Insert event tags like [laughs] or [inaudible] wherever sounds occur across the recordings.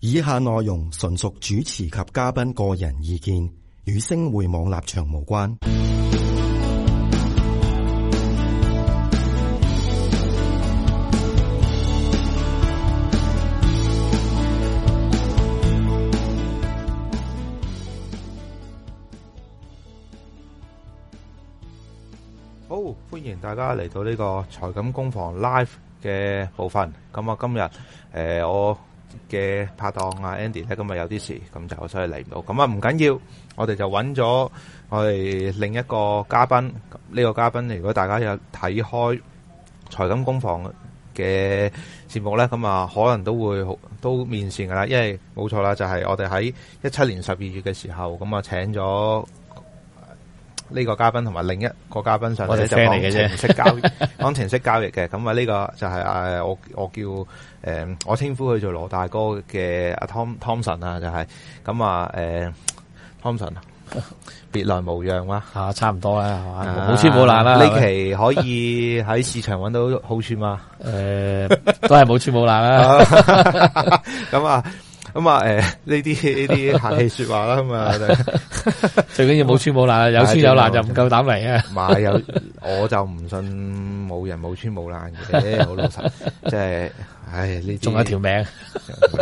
以下內容純屬主持及嘉賓個人意見，與星匯網立場無關。好，歡迎大家嚟到呢個財金工房 live 嘅部分。咁啊，今日誒，我。嘅拍檔啊，Andy 咧，今日咁啊有啲事，咁就所以嚟唔到，咁啊唔緊要，我哋就揾咗我哋另一個嘉賓，呢個嘉賓如果大家有睇開財金工房嘅節目咧，咁啊可能都會好都面善㗎喇，因為冇錯啦，就係我哋喺一七年十二月嘅時候，咁啊請咗。呢個嘉賓同埋另一個嘉賓上嚟就講程式交易，講程式交易嘅咁、就是、啊，呢個就係誒，我我叫誒，我稱呼佢做羅大哥嘅阿 Tom Thompson 啊，就係咁啊，誒，湯臣啊，別來無恙啊，吓、啊，差唔多啦，係嘛，冇穿冇爛啦，呢期可以喺市場揾到好處嘛、啊？誒、啊，都係冇穿冇爛啦，咁啊。 [laughs] 啊咁啊，誒，呢啲呢啲客氣說話啦，咁啊，最緊要冇穿冇爛，有穿有爛就唔夠膽嚟啊！嘛有，我就唔信冇人冇穿冇爛嘅，好老實，即係，唉，你仲有條命，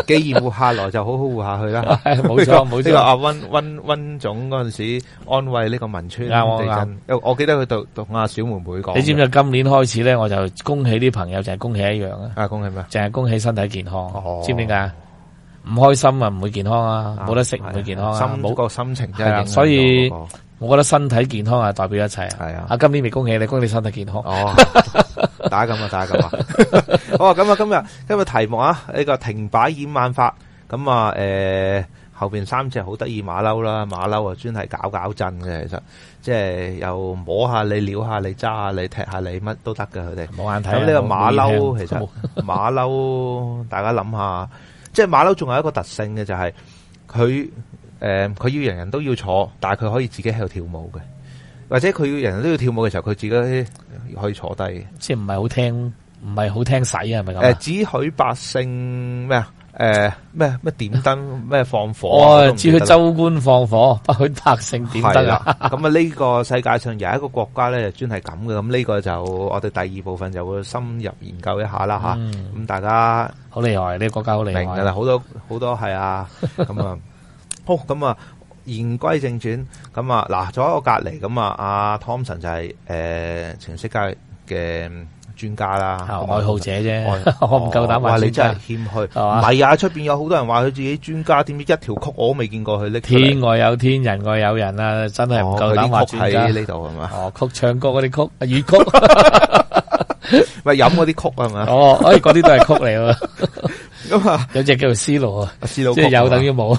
既然活下來，就好好活下去啦。冇錯，冇錯。呢個阿温温温總嗰陣時安慰呢個汶川地震，我我記得佢同同阿小妹妹講，你知唔知今年開始咧，我就恭喜啲朋友，就係恭喜一樣啊，啊，恭喜咩？淨係恭喜身體健康，知唔知點解？唔開心啊，唔會健康啊，冇、啊、得食唔會健康、啊、心冇個心情真係個的。真所以、嗰個、我覺得身體健康啊，代表一切啊。啊，今年未恭喜你，恭喜你身體健康、哦。 [laughs] 打咁樣啊， [laughs] 打咁樣啊。 [laughs] 好啊，咁啊，今日今日題目眼眼啊，呢個停擺掩眼法。咁啊，誒，後邊三隻好得意馬騮啦，馬騮啊，專係搞搞震嘅。其實即、就、係、是、又摸下你，撩下你，揸下你，踢下你，乜都得嘅佢哋。冇眼睇。咁呢個馬騮其實馬騮，大家諗下。嗯即係馬騮，仲有一個特性嘅就係、是、佢，誒、呃，佢要人人都要坐，但係佢可以自己喺度跳舞嘅，或者佢要人人都要跳舞嘅時候，佢自己可以坐低嘅。即係唔係好聽，唔係好聽使呀？係咪咁？誒、呃，只許百姓咩啊？誒、呃，咩咩點燈，咩放火，哦，只佢州官放火，不許百姓點得啦。咁啊，呢個世界上有一個國家咧，專係咁嘅。咁呢個就我哋第二部分就會深入研究一下啦，吓、嗯。咁、啊、大家好厲害，呢、這個國家好厲害嘅、啊 [laughs] 哦、啦，好多好多係啊。咁啊、就是，好，咁啊，言歸正傳，咁啊，嗱，坐喺我隔籬，咁啊，阿湯臣就係誒，全世界嘅。專家啦、哦，愛好者啫， [laughs] 我唔夠膽話你真係謙虛，係唔係啊，出邊、啊、有好多人話佢自己專家，點知一條曲我都未見過佢拎。天外有天，人外有人啊，真係唔夠膽話專家。哦，曲唱歌嗰啲曲，粵曲，喂， [laughs] 飲嗰啲曲係嘛？哦，嗰啲都係曲嚟啊嘛。咁 [laughs] 啊，有隻叫做思路啊，思路即係有等於冇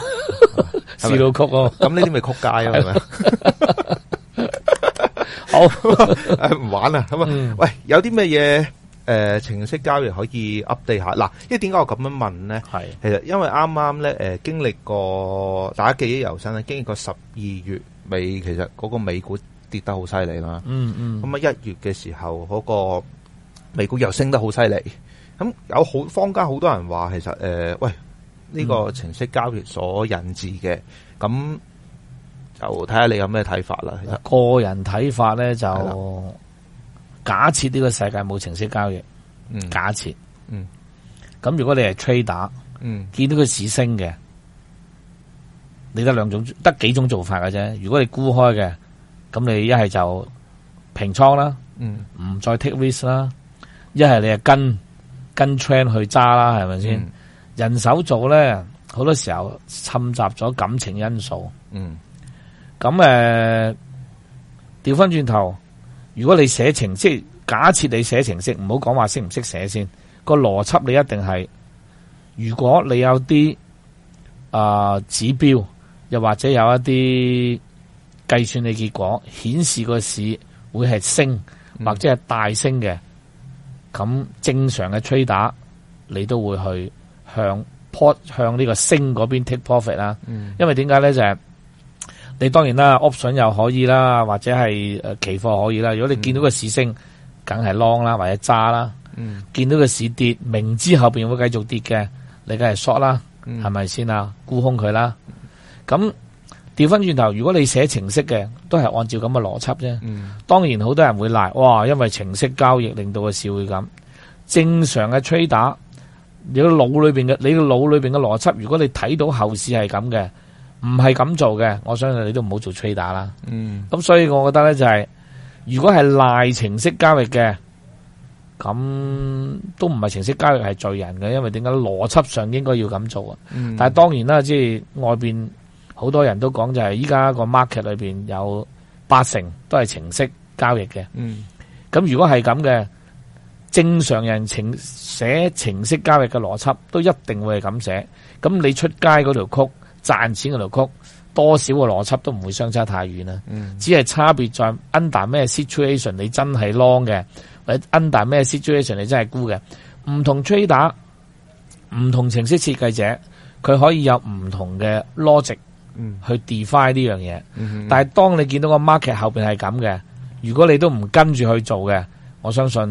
思路曲啊，咁呢啲咪曲家啊？係咪？唔 [laughs] [laughs] 玩啦。咁啊，喂，有啲咩嘢誒，程式交易可以 update 下嗱？因為點解我咁樣問咧？係，其實因為啱啱咧，誒、呃，經歷過打記日游新，咧，經歷過十二月尾，其實嗰個美股跌得好犀利啦。嗯嗯，咁啊，一月嘅時候，嗰、那個美股又升得好犀利。咁有好，坊間好多人話，其實誒、呃，喂，呢、這個程式交易所引致嘅，咁。就睇下你有咩睇法啦。個人睇法咧，就假設呢個世界冇程式交易，嗯，假設，嗯，咁如果你係 trader，嗯，見到個市升嘅，你得兩種，得幾種做法嘅啫。如果你沽開嘅，咁你一係就平倉啦，嗯，唔再 take risk 啦，一係你係跟跟 trend 去揸啦，係咪先？人手做咧，好多時候摻雜咗感情因素，嗯。咁誒，調翻轉頭，如果你寫程式，假設你寫程式，唔好講話識唔識寫先，個邏輯你一定係，如果你有啲啊指標，又或者有一啲計算嘅結果顯示個市會係升或者係大升嘅，咁正常嘅吹打你都會去向 port 向呢個升嗰邊 take profit 啦，因為點解咧？就係。你當然啦，option 又可以啦，或者係期貨可以啦。如果你見到個市升，梗、嗯、係 long 啦，或者揸啦、嗯。見到個市跌，明知後邊會繼續跌嘅，你梗係 short 啦，係咪先啊？沽空佢啦。咁調翻轉頭，如果你寫程式嘅，都係按照咁嘅邏輯啫。當然好多人會賴，哇，因為程式交易令到個市會咁。正常嘅 trader，你個腦裏邊嘅，你個腦裏邊嘅邏輯，如果你睇到後市係咁嘅。唔係咁做嘅，我相信你都唔好做吹打啦。嗯，咁所以我覺得呢，就係、是，如果係賴程式交易嘅，咁都唔係程式交易係罪人嘅，因為點解邏輯上應該要咁做啊？嗯，但係當然啦，即係外邊好多人都講就係依家個 market 裏邊有八成都係程式交易嘅。嗯，咁如果係咁嘅，正常人程寫寫程式交易嘅邏輯都一定會係咁寫，咁你出街嗰條曲。賺錢嗰度曲多少個邏輯都唔會相差太遠啦，嗯，只係差別在 under 咩 situation 你真係 long 嘅，或者 under 咩 situation 你真係沽嘅，唔同 trader 唔同程式設計者，佢可以有唔同嘅 logic 去 define 呢樣嘢。但係當你見到個 market 後邊係咁嘅，如果你都唔跟住去做嘅，我相信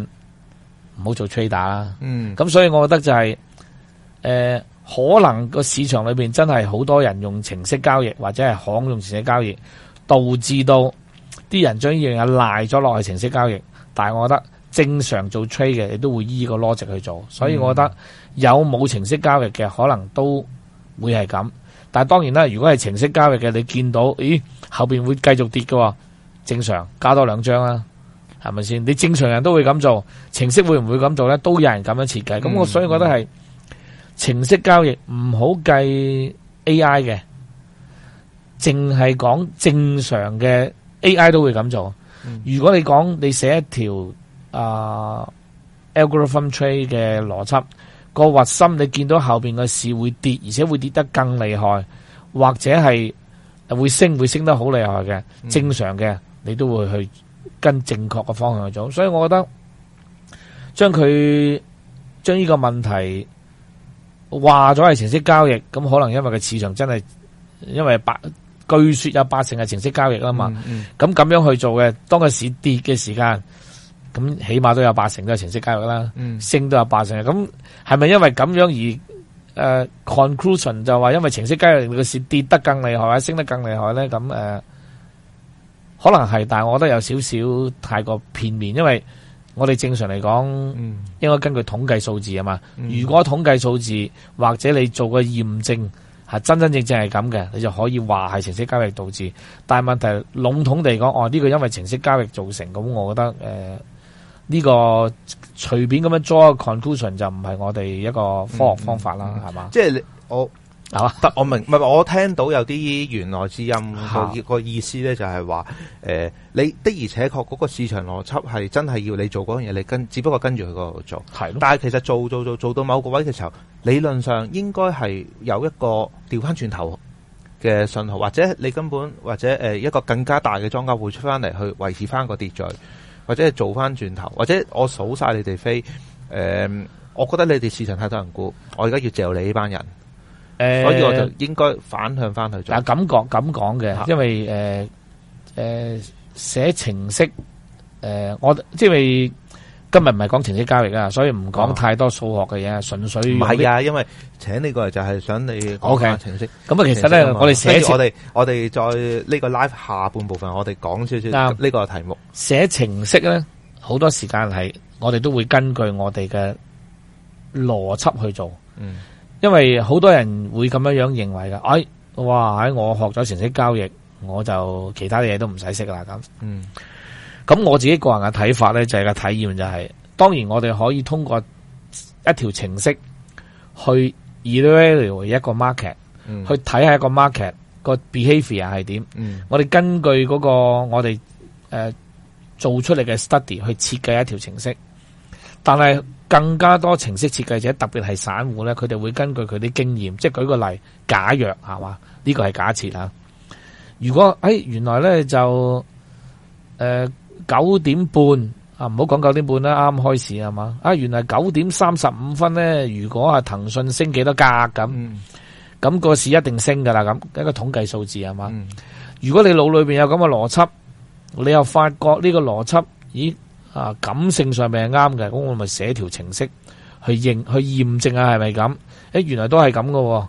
唔好做 trader 啦。咁，嗯，所以我覺得就係、是、誒。呃可能個市場裏邊真係好多人用程式交易，或者係行用程式交易，導致到啲人將啲嘢賴咗落去程式交易。但係我覺得正常做 trade 嘅，你都會依個邏輯去做。所以我覺得有冇程式交易嘅可能都會係咁。但係當然啦，如果係程式交易嘅，你見到咦，後邊會繼續跌喎。正常加多兩張啦，係咪先？你正常人都會咁做，程式會唔會咁做呢？都有人咁樣設計。咁、嗯、我所以覺得係。程式交易唔好計 A.I. 嘅，淨係講正常嘅 A.I. 都會咁做。如果你講，你寫一條啊 algorithm trade 嘅邏輯，個核心你見到後邊嘅市會跌，而且會跌得更厲害，或者係會升，會升得好厲害嘅，正常嘅你都會去跟正確嘅方向去做。所以我覺得將佢將呢個問題。話咗係程式交易，咁可能因為個市場真係，因為八據說有八成係程式交易啊嘛。咁、嗯、咁、嗯、樣去做嘅，當個市跌嘅時間，咁起碼都有八成都係程式交易啦、嗯。升都有八成，咁係咪因為咁樣而誒、呃、conclusion 就話因為程式交易個市跌得更厲害，或者升得更厲害咧？咁誒、呃，可能係，但係我覺得有少少太過片面，因為。我哋正常嚟講，應該根據統計數字啊嘛、嗯。如果統計數字或者你做個驗證，係真真正正係咁嘅，你就可以話係程式交易導致。但係問題係籠統地講，哦呢、這個因為程式交易造成，咁我覺得誒呢、呃這個隨便咁樣 draw conclusion 就唔係我哋一個科學方法啦，係、嗯、嘛、嗯？即係你我。得、啊，我明，唔係我聽到有啲原來之音個個、啊、意思咧，就係話，誒，你的而且確嗰個市場邏輯係真係要你做嗰樣嘢，你跟只不過跟住佢嗰度做，係，但係其實做做做做到某個位嘅時候，理論上應該係有一個調翻轉頭嘅信號，或者你根本或者誒一個更加大嘅莊家會出翻嚟去維持翻個秩序，或者係做翻轉頭，或者我數晒你哋飛，誒、呃，我覺得你哋市場太多人估，我而家要借你呢班人。所以我就應該反向翻去做。嗱，感覺咁講嘅，因為誒誒寫程式誒，我即係今日唔係講程式交易㗎，所以唔講太多數學嘅嘢，純、哦、粹係、這個、啊。因為請你過嚟就係想你講下程式。咁、okay，啊、嗯，其實咧，我哋寫我哋我哋再呢個 live 下半部分，我哋講少少呢個題目。寫、嗯、程式咧，好多時間係我哋都會根據我哋嘅邏輯去做。嗯。因為好多人會咁樣樣認為㗎，哎，哇，喺我學咗程式交易，我就其他嘢都唔使識啦咁。嗯，咁我自己個人嘅睇法咧，就係、是、個體驗就係、是，當然我哋可以通過一條程式去 evaluate 一個 market，嗯、去睇下一個 market 個 behavior 係點。嗯，我、嗰個，我哋根據嗰個我哋誒做出嚟嘅 study 去設計一條程式，但係。嗯更加多程式設計者，特別係散戶咧，佢哋會根據佢啲經驗，即係舉個例，假若係嘛，呢個係假設啊。如果誒、哎，原來咧就誒九點半啊，唔好講九點半啦，啱開始係嘛。啊，原來九點三十五分咧，如果啊騰訊升幾多價咁，咁、咁個市一定升噶啦，咁一個統計數字係嘛。嗯、如果你腦裏邊有咁嘅邏輯，你又發覺呢個邏輯，咦？啊，感性上面係啱嘅，咁我咪寫條程式去認去驗證下係咪咁？誒，原來都係咁噶。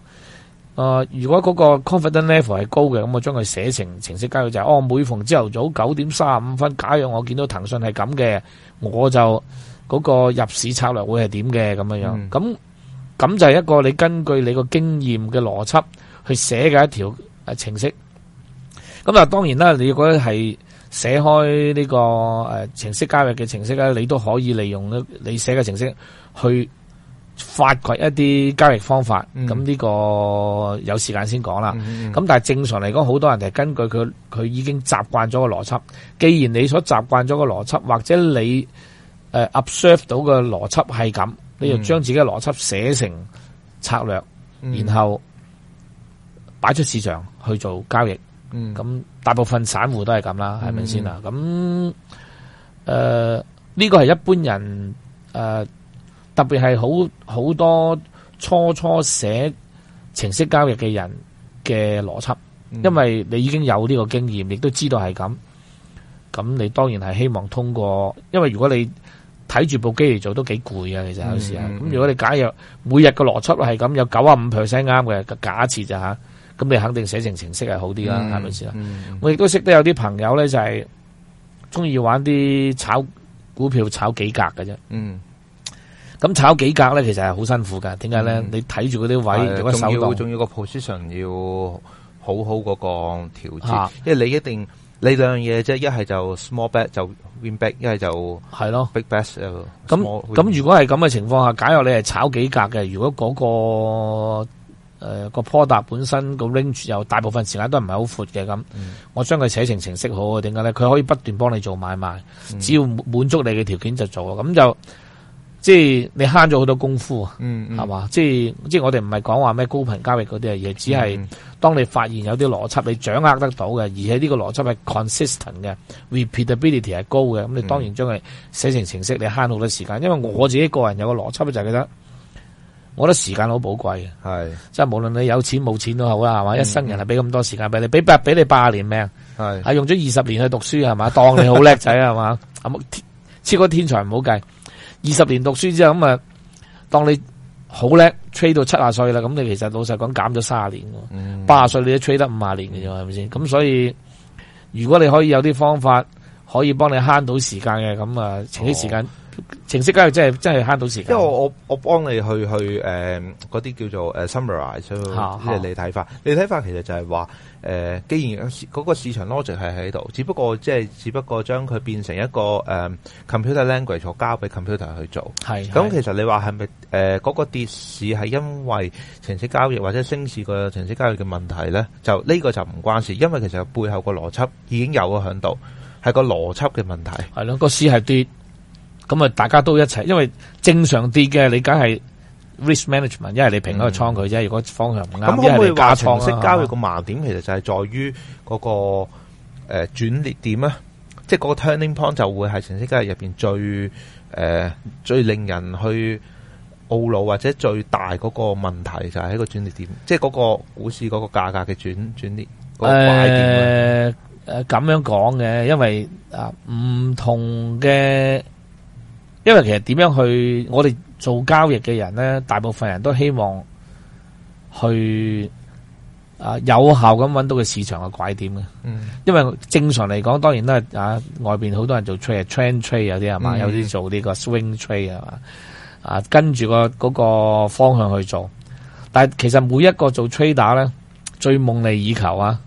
啊，如果嗰個 confidence level 係高嘅，咁我將佢寫成程式交易就係，哦，每逢朝頭早九點三十五分，假如我見到騰訊係咁嘅，我就嗰個入市策略會係點嘅咁樣樣。咁咁就係一個你根據你個經驗嘅邏輯去寫嘅一條誒程式。咁啊，當然啦，你要覺得係。寫開呢、這個誒、呃、程式交易嘅程式咧，你都可以利用你寫嘅程式去發掘一啲交易方法。咁、嗯、呢個有時間先講啦。咁、嗯嗯嗯、但係正常嚟講，好多人就係根據佢佢已經習慣咗個邏輯。既然你所習慣咗個邏輯，或者你誒、呃、observe 到嘅邏輯係咁，你就將自己嘅邏輯寫成策略，嗯嗯、然後擺出市場去做交易。嗯，咁大部分散戶都係咁啦，係咪先啊？咁、嗯、誒，呢、嗯呃呢個係一般人誒、呃，特別係好好多初初寫程式交易嘅人嘅邏輯、嗯，因為你已經有呢個經驗，亦都知道係咁。咁你當然係希望通過，因為如果你睇住部機嚟做，都幾攰啊！其實有時啊，咁、嗯嗯、如果你假若每日嘅邏輯係咁，有九啊五 percent 啱嘅，假設就。吓？咁你肯定寫成程，程式係好啲啦，係咪先？我亦都識得有啲朋友咧，就係中意玩啲炒股票炒幾格嘅啫。嗯，咁炒幾格咧，其實係好辛苦噶。點解咧？你睇住嗰啲位，仲、嗯、要仲要個 position 要好好嗰個調節、啊，因為你一定你兩樣嘢即係一係就 small bet 就 win bet，一係就係咯 big bet。咁咁、uh, 如果係咁嘅情況下，假如你係炒幾格嘅，如果嗰、嗰個。誒、呃，個 product 本身個 range 有大部分時間都唔係好闊嘅咁。我將佢寫成程式好啊？點解咧？佢可以不斷幫你做買賣，嗯、只要滿足你嘅條件就做啊。咁就即係你慳咗好多功夫啊。嗯，係、嗯、嘛？即係即係我哋唔係講話咩高頻交易嗰啲嘢，只係當你發現有啲邏輯你掌握得到嘅，而且呢個邏輯係 consistent 嘅，repeatability 係高嘅。咁你當然將佢寫成程式，你慳好多時間。因為我自己個人有個邏輯就係、記、得。我覺得時間好寶貴嘅，係即係無論你有錢冇錢都好啦，係嘛、嗯？一生人係俾咁多時間俾你，俾俾你八十年命，係係用咗二十年去讀書，係嘛？當你好叻仔，係 [laughs] 嘛？咁超過天才唔好計，二十年讀書之後咁啊，當你好叻 trade 到七啊歲啦，咁你其實老實講減咗三十年，八廿歲你都 trade 得五啊年嘅啫，係咪先？咁所以如果你可以有啲方法可以幫你慳到時間嘅，咁啊，存、呃、啲時間。哦程式交易真係真係慳到時間，因為我我幫你去去誒嗰啲叫做誒 summarize 咗，即係你睇法。你睇法其實就係話誒，既然嗰個市場 logic 係喺度，只不過即係只不過將佢變成一個誒、呃、computer language，我交俾 computer 去做。係咁，其實你話係咪誒嗰個跌市係因為程式交易或者升市個程式交易嘅問題咧？就呢個就唔關事，因為其實背後個邏輯已經有啊喺度，係個邏輯嘅問題。係咯，個市係跌。咁啊，大家都一齊，因為正常啲嘅，你梗係 risk management，一係你平開個倉佢啫。嗯、如果方向唔啱，咁、嗯、可唔可以話程式交易個盲點，其實就係在於嗰、嗰個誒轉捩點啊，即係嗰個 turning point 就會係程式交易入邊最誒、呃、最令人去懊惱或者最大嗰個問題就係在那個轉捩點，就係喺個轉捩點，即係嗰個股市嗰個價格嘅轉轉捩拐點誒誒咁樣講嘅，因為啊唔同嘅。因為其實點樣去，我哋做交易嘅人咧，大部分人都希望去啊、呃、有效咁搵到個市場嘅拐點嘅。嗯，因為正常嚟講，當然都係啊外邊好多人做 trade、train、trade 有啲係嘛，嗯、有啲做呢個 swing trade 係嘛，啊跟住個嗰個方向去做。但係其實每一個做 trade 打咧，最夢寐以求啊，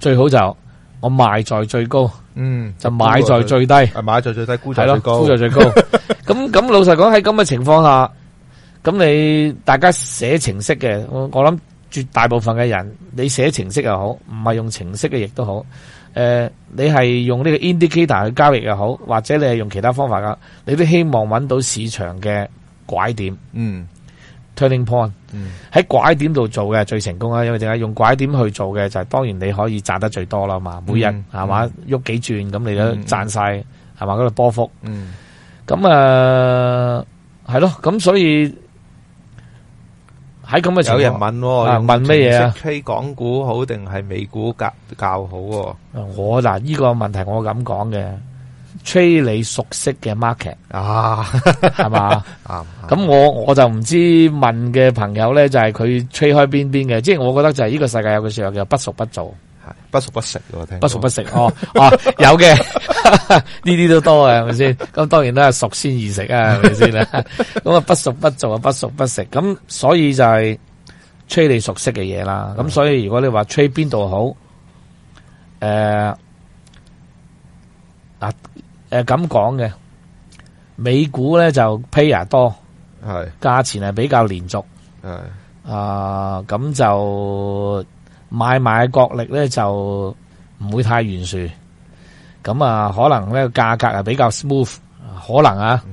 最好就我賣在最高。嗯，就買在最低，啊，買在最低，沽在最高，沽在最高。咁 [laughs] 咁老實講，喺咁嘅情況下，咁你大家寫程式嘅，我我諗絕大部分嘅人，你寫程式又好，唔係用程式嘅亦都好，誒、呃，你係用呢個 indicator 去交易又好，或者你係用其他方法噶，你都希望揾到市場嘅拐點，嗯。Turning point 喺拐點度做嘅最成功啊，因為點解用拐點去做嘅就係，當然你可以賺得最多啦嘛，每日係嘛喐幾轉咁你都賺晒係嘛嗰度波幅。咁啊係咯，咁所以喺咁嘅時候有人問啊問咩嘢？推港股好定係美股較較好？我嗱呢個問題我咁講嘅。吹你熟悉嘅 market 啊，係嘛，咁我、嗯、我就唔知問嘅朋友咧，就係佢吹開邊邊嘅。即、就、係、是、我覺得就係呢個世界有個時候叫不熟不做，係不熟不食我聽，不熟不食哦。有嘅呢啲都多啊，係咪先？咁當然都係熟先易食啊，係咪先啦？咁啊，不熟不做啊，不熟不食。咁、 [laughs] 哦啊、 [laughs] [laughs] [laughs] [laughs] [laughs] [laughs] 所以就係吹你熟悉嘅嘢啦。咁、嗯、所以如果你話吹邊度好誒、呃、啊？誒，咁講嘅美股咧就 pair 多，係價錢係比較連續，係啊咁就買賣角力咧就唔會太懸殊，咁啊可能呢個價格係比較 smooth，可能啊，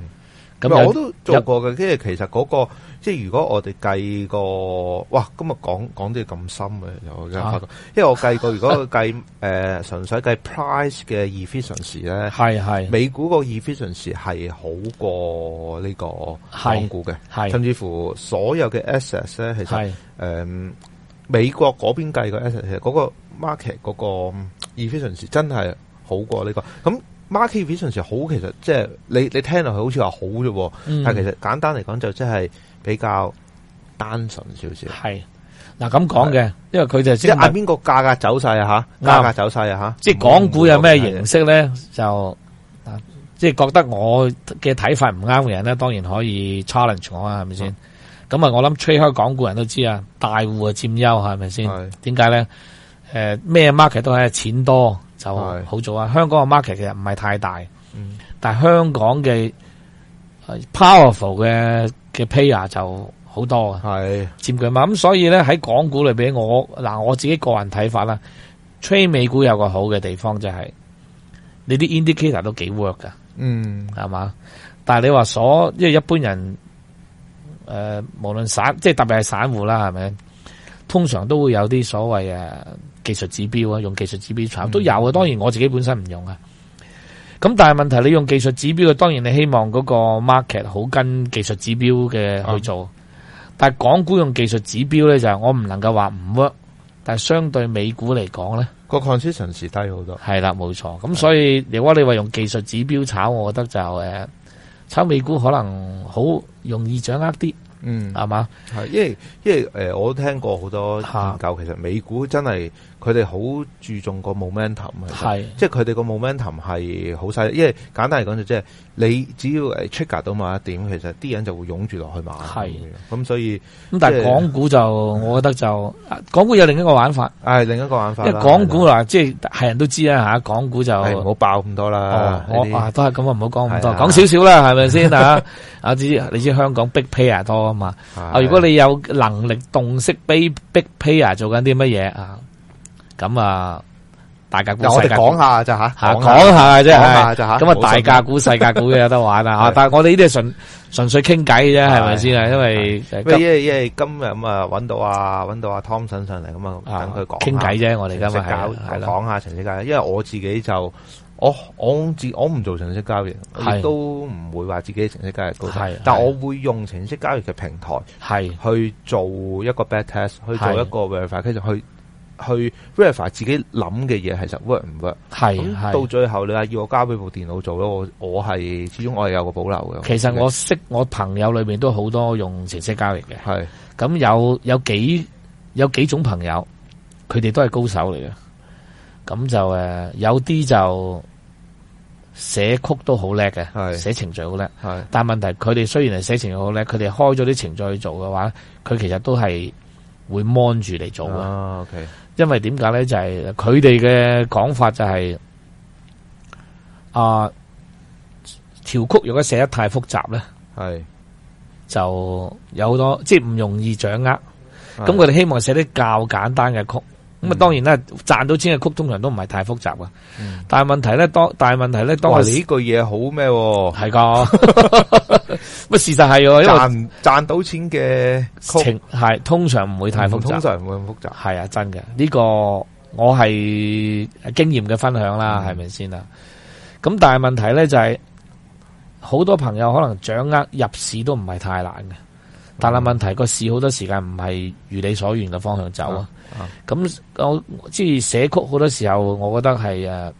咁、嗯、我都做過嘅，即係其實嗰、那個。即係如果我哋計個，哇！今日講講啲咁深嘅，又我而家發覺因為我計過，如果佢計誒純粹計 price 嘅 efficiency 咧， [laughs] 係係美股個 efficiency 係好過呢個港股嘅， [laughs] 甚至乎所有嘅 assets 咧，其實、 [laughs] 嗯、美國嗰邊計個 asset 其實嗰個 market 嗰個 efficiency 真係好過呢、呢個，咁、嗯。market vision 其實好，其實即係、就是、你你聽落去好似話好啫、嗯，但係其實簡單嚟講就即係比較單純少少。係嗱咁講嘅，因為佢就知係邊個價格走晒啊吓，價、啊、格走晒啊吓，即係港股有咩形式咧、嗯、就，即係覺得我嘅睇法唔啱嘅人咧，當然可以 challenge 我啊，係咪先？咁、嗯、啊，我諗吹開港股人都知啊，大戶啊佔優係咪先？點解咧？誒，咩、呃、market 都係錢多。就好早啊！香港嘅 market 其實唔係太大，嗯、但係香港嘅、uh, powerful 嘅嘅 player 就好多啊，係佔據嘛咁、嗯，所以咧喺港股裏邊，我嗱我自己個人睇法啦，吹美股有個好嘅地方就係、是、你啲 indicator 都幾 work 噶，嗯係嘛？但係你話所，即一般人誒、呃，無論散，即係特別係散戶啦，係咪？通常都會有啲所謂誒。技術指標啊，用技術指標炒都有啊。當然我自己本身唔用啊。咁但係問題，你用技術指標，當然你希望嗰個 market 好跟技術指標嘅去做。啊、但係港股用技術指標咧，就係我唔能夠話唔 work。但係相對美股嚟講咧，個 conclusion 是低好多。係啦，冇錯。咁所以如果你話用技術指標炒，我覺得就誒，炒美股可能好容易掌握啲。嗯，係嘛？係，因為因為誒，我都聽過好多研究，其實美股真係。佢哋好注重個 momentum，係即係佢哋個 momentum 係好細，因為簡單嚟講就即係你只要誒 trigger 到某一點，其實啲人就會湧住落去買，係咁，所以咁但係港股就我覺得就港股有另一個玩法，係另一個玩法，因為港股嚟即係係人都知啦嚇，港股就唔好爆咁多啦，哦，我都係咁啊，唔好講咁多，講少少啦，係咪先啊？啊 [laughs] 知你知，你知香港 big player 啊多啊嘛，啊如果你有能力洞悉 big big player 啊，做緊啲乜嘢啊？咁啊，大價股我哋講下就吓？講下啫。咁啊，大價股、細價股有得玩啦吓。但係我哋呢啲係純純粹傾偈啫，係咪先啊？因為因為因為今日咁啊，搵到啊，搵到阿湯臣上嚟咁啊，等佢講傾偈啫。我哋今日係講下程式交易，因為我自己就我我自我唔做程式交易，亦都唔會話自己程式交易高息，但我會用程式交易嘅平台係去做一個 bad test，去做一個 verify，跟住去。去 refer 自己諗嘅嘢，係實 work 唔 work？係到最後你話要我交俾部電腦做咧，我我係始終我係有個保留嘅。其實我識我朋友裏面都好多用程式交易嘅。係咁有有幾有幾種朋友，佢哋都係高手嚟嘅。咁就誒，有啲就寫曲都好叻嘅，寫程序好叻。但問問題，佢哋雖然係寫程序好叻，佢哋開咗啲程序去做嘅話，佢其實都係會 mon 住嚟做嘅。啊，o、okay。因為點解咧就係佢哋嘅講法就係、是、啊，調曲如果寫得太複雜咧，係就有好多即係唔容易掌握。咁佢哋希望寫啲較簡單嘅曲。咁當然賺賺到錢嘅曲通常都唔係太複雜的、嗯、啊。但係問題咧，當但係問題咧，當時呢句嘢好咩？係噶，乜事實係賺到錢嘅情係通常唔會太複雜，通常唔會咁複雜。係啊，真嘅呢、這個我係經驗嘅分享啦，係咪先啊？咁但係問題咧就係、是、好多朋友可能掌握入市都唔係太難嘅、嗯，但係問題個市好多時間唔係如你所願嘅方向走啊。嗯咁、嗯、我即係寫曲好多時候，我覺得係誒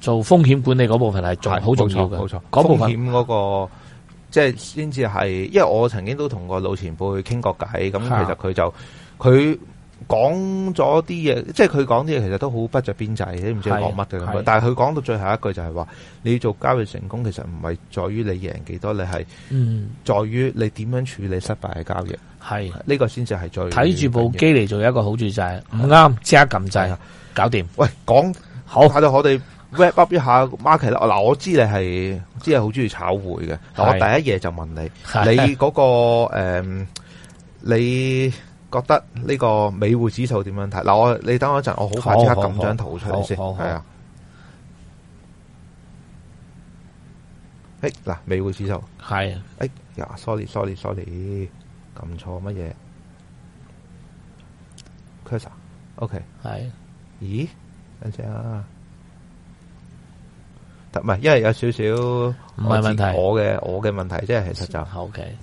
做風險管理嗰部分係好重要嘅，冇錯，風險嗰、嗰個，即係先至係。因為我曾經都同個老前輩傾過偈，咁其實佢就佢。講咗啲嘢，即係佢講啲嘢，其實都好不着邊際，你唔知講乜嘅咁。但係佢講到最後一句就係話，你要做交易成功，其實唔係在於你贏幾多，你係嗯，在於你點樣處理失敗嘅交易。係呢、這個先至係在睇住部機嚟做一個好注制，就是。啱，即刻撳掣，搞掂。喂，講好，睇到我哋 wrap up 一下 market 啦。嗱，我知你係知係好中意炒匯嘅。但我第一嘢就問你，你嗰、那個誒、嗯，你。覺得呢個美匯指數點樣睇？嗱，我你等我一陣，我好快即刻撳張圖出嚟先，係啊。誒，嗱，美匯指數係。誒呀，sorry，sorry，sorry，撳錯乜嘢？Close，OK。係。咦？等陣啊！唔係，因為有少少唔係問題，我嘅我嘅問題，即係其實就 OK。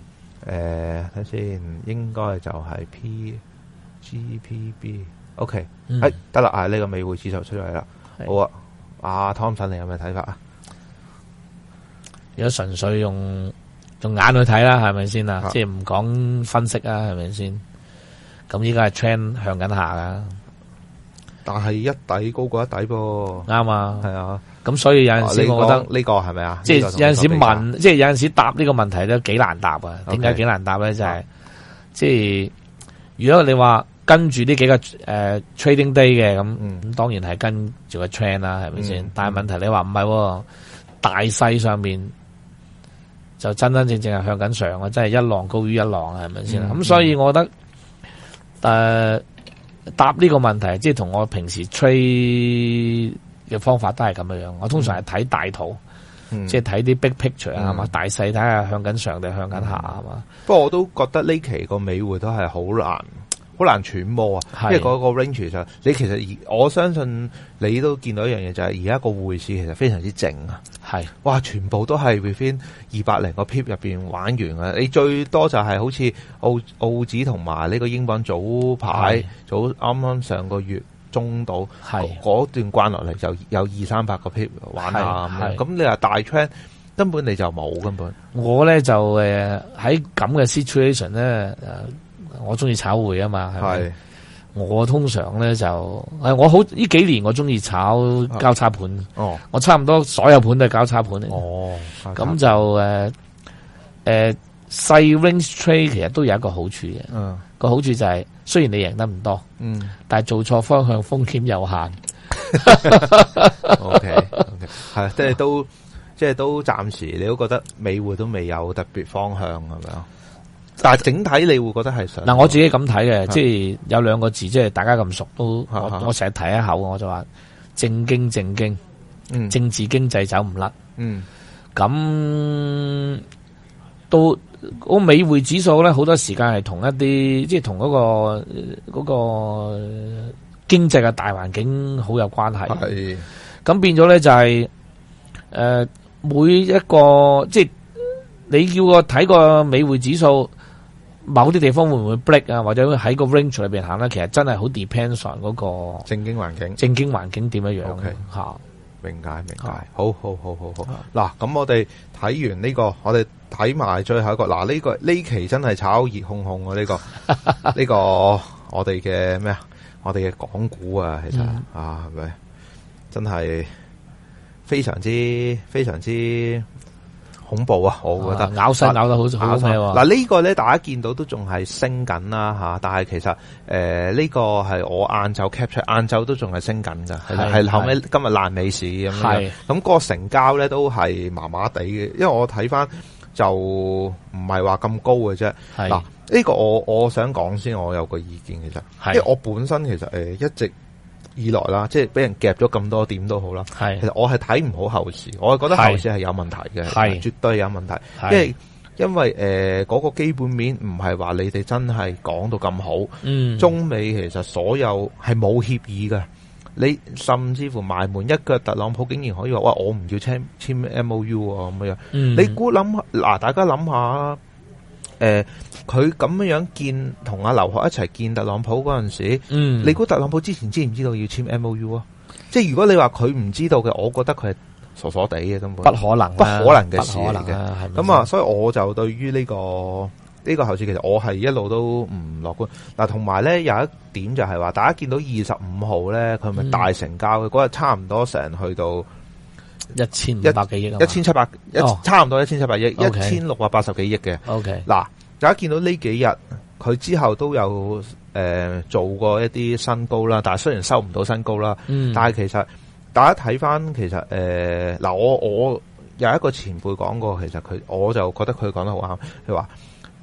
誒、呃，睇先，應該就係 PGBP，OK，OK，誒、嗯，得、哎、啦，啊，呢、這個美匯指數出嚟啦。好啊，阿、啊、湯粉你有咩睇法啊？如果純粹用用眼去睇啦，係咪先啊？即係唔講分析啊，係咪先？咁依家係 train 向緊下噶。但係一底高過一底噃，啱啊，係啊，咁所以有陣時我覺得呢個係咪啊？這個這個這個、即係有陣時問，即係有陣時答呢個問題都幾難答啊？點解幾難答咧？就係、是、即係如果你話跟住呢幾個誒、呃、Trading Day 嘅咁，咁、嗯、當然係跟住個 trend 啦，係咪先？但係問題你話唔係，大勢上面就真真正正係向緊上啊！真係一浪高於一浪係係咪先？咁、嗯、所以我覺得誒。嗯呃答呢個問題，即係同我平時 trade 嘅方法都係咁樣樣。我通常係睇大圖，嗯、即係睇啲 big picture 啊、嗯、嘛，大細睇下向緊上定向緊下啊嘛。不、嗯、過我都覺得呢期個美匯都係好難。好難揣摩啊，因為嗰個 range 就你其實，我相信你都見到一樣嘢、就是，就係而家個匯市其實非常之靜啊。係，哇！全部都係 within 二百零個 pip 入面玩完啊，你最多就係好似澳澳紙同埋呢個英鎊早排早啱啱上個月中到，係嗰段關落嚟就有二三百個 pip 玩，啊咁你話大 trend 根本你就冇根本我呢。我咧就誒喺咁嘅 situation 咧、呃我中意炒匯啊嘛，係咪？我通常咧就，誒，我好呢幾年我中意炒交叉盤，啊，哦，我差唔多所有盤都係交叉盤咧，哦，咁就誒，誒、呃，細 range trade，嗯，其實都有一個好處嘅，嗯，一個好處就係，是，雖然你贏得唔多，嗯，但係做錯方向風險有限 [laughs] [laughs] [laughs] ，OK，係，即係都，即、就、係、是、都暫時，你都覺得美匯都未有特別方向咁樣。是但係整體你會覺得係想。嗱，我自己咁睇嘅，即係有兩個字，即係大家咁熟，都我成日提一口，我就話正經正經，嗯，政治經濟走唔甩，嗯，咁都個美匯指數咧，好多時間係同一啲，即係同嗰、嗰個、嗰、嗰個經濟嘅大環境好有關係，係，咁變咗咧就係、是、誒、呃、每一個，即係你叫我睇個美匯指數。某啲地方會唔會 break 啊，或者喺個 range 裏邊行咧？其實真係好 depends on 嗰個正經環境，正經環境點樣樣嚇？okay，明解明解，好好好好好。嗱，咁我哋睇完呢個，我哋睇埋最後一個。嗱，呢個，呢期真係炒熱烘烘啊！呢個，呢個我哋嘅咩啊？我哋嘅港股啊，其實、嗯、啊，係咪真係非常之非常之？恐怖啊！我覺得咬晒，咬得好，咬晒喎。嗱呢個咧，大家見到都仲係升緊啦嚇。但係其實誒呢、呃這個係我晏晝 capture，晏晝都仲係升緊嘅。係係後尾今日爛尾市咁樣。咁、那個成交咧都係麻麻地嘅，因為我睇翻就唔係話咁高嘅啫。嗱呢、啊這個我我想講先，我有個意見嘅啫。因為我本身其實誒一直。以來啦，即係俾人夾咗咁多點都好啦。其實我係睇唔好後市，我係覺得後市係有問題嘅，係絕對係有問題。因為因為誒嗰個基本面唔係話你哋真係講到咁好。嗯，中美其實所有係冇協議嘅，你甚至乎埋門一腳特朗普竟然可以話，哇，我唔要簽簽 MOU 喎，咁樣，嗯。你估諗嗱？大家諗下。誒、呃，佢咁樣樣見同阿劉鶴一齊見特朗普嗰陣時，嗯、你估特朗普之前知唔知道要簽 M O U 啊？即係如果你話佢唔知道嘅，我覺得佢係傻傻地嘅根本不可能，不可能，啊，不可能嘅事嚟嘅。咁啊，所以我就對於呢、這個呢、這個後續，其實我係一路都唔樂觀。嗱，同埋咧有一點就係話，大家見到二十五號咧，佢咪大成交嘅嗰日，嗯、那差唔多成日去到。一千五百幾億，一千七百一，差唔多一千七百億，一千六百八十幾億嘅。嗱，大家見到呢幾日佢之後都有誒做過一啲新高啦，但係雖然收唔到新高啦、嗯，但係其實大家睇翻其實誒嗱、呃，我我有一個前輩講過，其實佢我就覺得佢講得好啱，佢話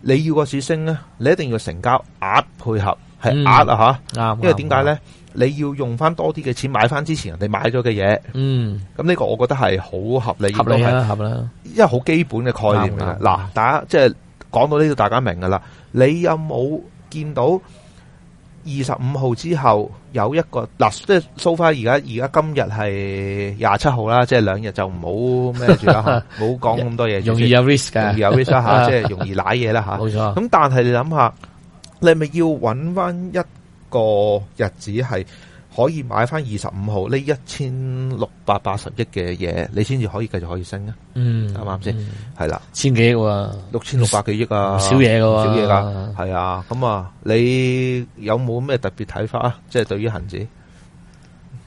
你要個市升咧，你一定要成交額、呃、配合係額啊吓，因為點解咧？你要用翻多啲嘅錢買翻之前人哋買咗嘅嘢，嗯，咁、這、呢個我覺得係好合理，合理啦、就是，合啦，因為好基本嘅概念嗱，大家即係講到呢度，大家明噶啦。你有冇見到二十五號之後有一個嗱，即係數翻而家，而家今日係廿七號啦，即係兩日就唔好咩住啦，唔好講咁多嘢，容易有 risk 容易有 risk 吓，即係容易瀨嘢啦吓，冇、啊、錯。咁但係你諗下，你係咪要搵翻一？個日子係可以買翻二十五號呢一千六百八十億嘅嘢，你先至可以繼續可以升啊？嗯，啱唔啱先？係、嗯、啦、嗯，千幾億噶，六千六百幾億啊，唔少嘢噶，唔少嘢噶，係啊。咁啊，啊，你有冇咩特別睇法啊、就是？即係對於恒指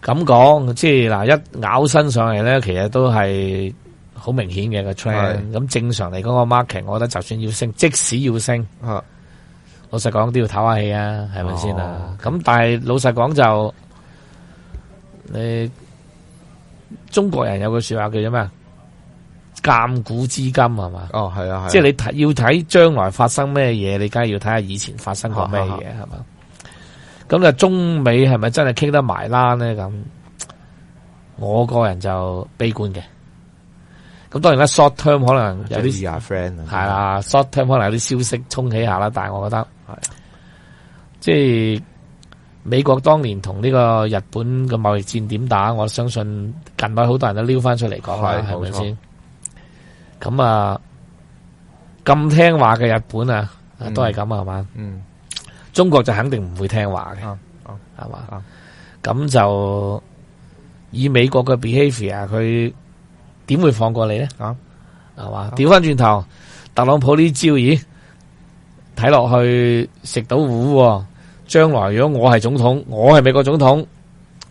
咁講，即係嗱一咬身上嚟咧，其實都係好明顯嘅、那個 trend。咁正常嚟講個 market，我覺得就算要升，即使要升、啊老實講都要唞下氣啊，係咪先啊？咁、哦、但係老實講就，你中國人有句說話叫做咩？鑒古知今係嘛？哦，係啊，啊，即係你睇要睇將來發生咩嘢，你梗係要睇下以前發生過咩嘢，係、啊、嘛？咁、啊啊、就中美係咪真係傾得埋啦咧？咁我個人就悲觀嘅。咁當然啦，short term 可能有啲 friend 係啦，short term 可能有啲消息衝起下啦，但係我覺得。係、啊，即係美國當年同呢個日本嘅貿易戰點打？我相信近排好多人都撩翻出嚟講，係係咪先？咁啊，咁、啊、聽話嘅日本啊，嗯、都係咁係嘛？嗯，中國就肯定唔會聽話嘅，係、嗯、嘛？咁、嗯嗯、就以美國嘅 behavior，佢點會放過你咧？啊、嗯，係嘛？調翻轉頭，特朗普呢招已。睇落去食到糊，將來如果我係總統，我係美國總統，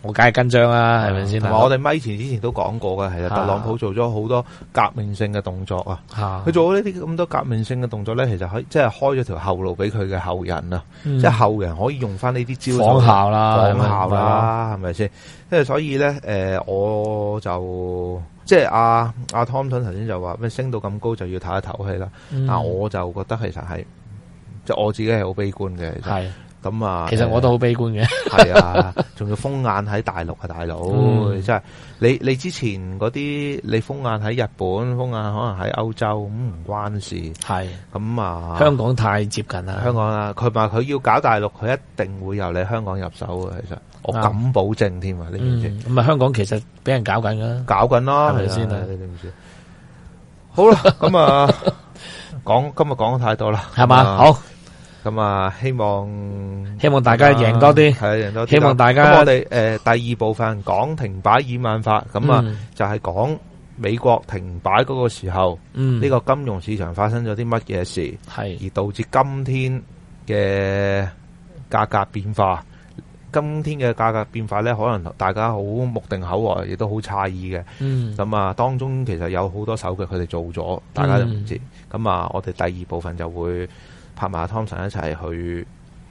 我梗係緊張啦，係咪先？是是我哋咪前之前都講過嘅，其實、啊、特朗普做咗好多革命性嘅動作啊，佢做咗呢啲咁多革命性嘅動作咧，其實可以即係開咗條後路俾佢嘅後人啊、嗯，即係後人可以用翻呢啲招。仿效啦，仿效啦，係咪先？即係所以咧，誒、呃，我就即係阿阿湯 n 頭先就話咩升到咁高就要睇下頭氣啦，但我就覺得其實係。即係我自己係好悲觀嘅，係咁啊！其實我都好悲觀嘅，係啊！仲 [laughs] 要封眼喺大陸啊，大佬，嗯、真係你你之前嗰啲你封眼喺日本，封眼可能喺歐洲咁唔關事，係咁啊！香港太接近啦，香港啊！佢話佢要搞大陸，佢一定會由你香港入手嘅。其實我敢保證添啊！呢件事咁啊，嗯、香港其實俾人搞緊嘅，搞緊咯，係咪先？你知 [laughs] 好啦，咁啊，講 [laughs] 今日講太多啦，係嘛、啊？好。咁啊，希望希望大家贏多啲，係贏多啲希望大家我哋誒、呃、第二部分講停擺掩眼法，咁、嗯、啊就係講美國停擺嗰個時候，呢、嗯這個金融市場發生咗啲乜嘢事，係、嗯、而導致今天嘅價格變化。今天嘅價格變化咧，可能大家好目定口呆，亦都好詫異嘅。咁、嗯、啊，當中其實有好多手腳，佢哋做咗，大家都唔知道。咁、嗯、啊，我哋第二部分就會。拍埋湯臣一齊去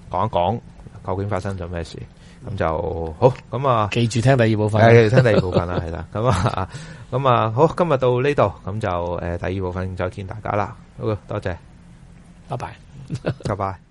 講一講，究竟發生咗咩事？咁就好，咁啊，記住聽第二部分。記住聽第二部分啦，係啦。咁啊，咁啊，好，今日到呢度，咁就誒第二部分再見大家啦。好，多謝，拜拜， [laughs] 拜拜。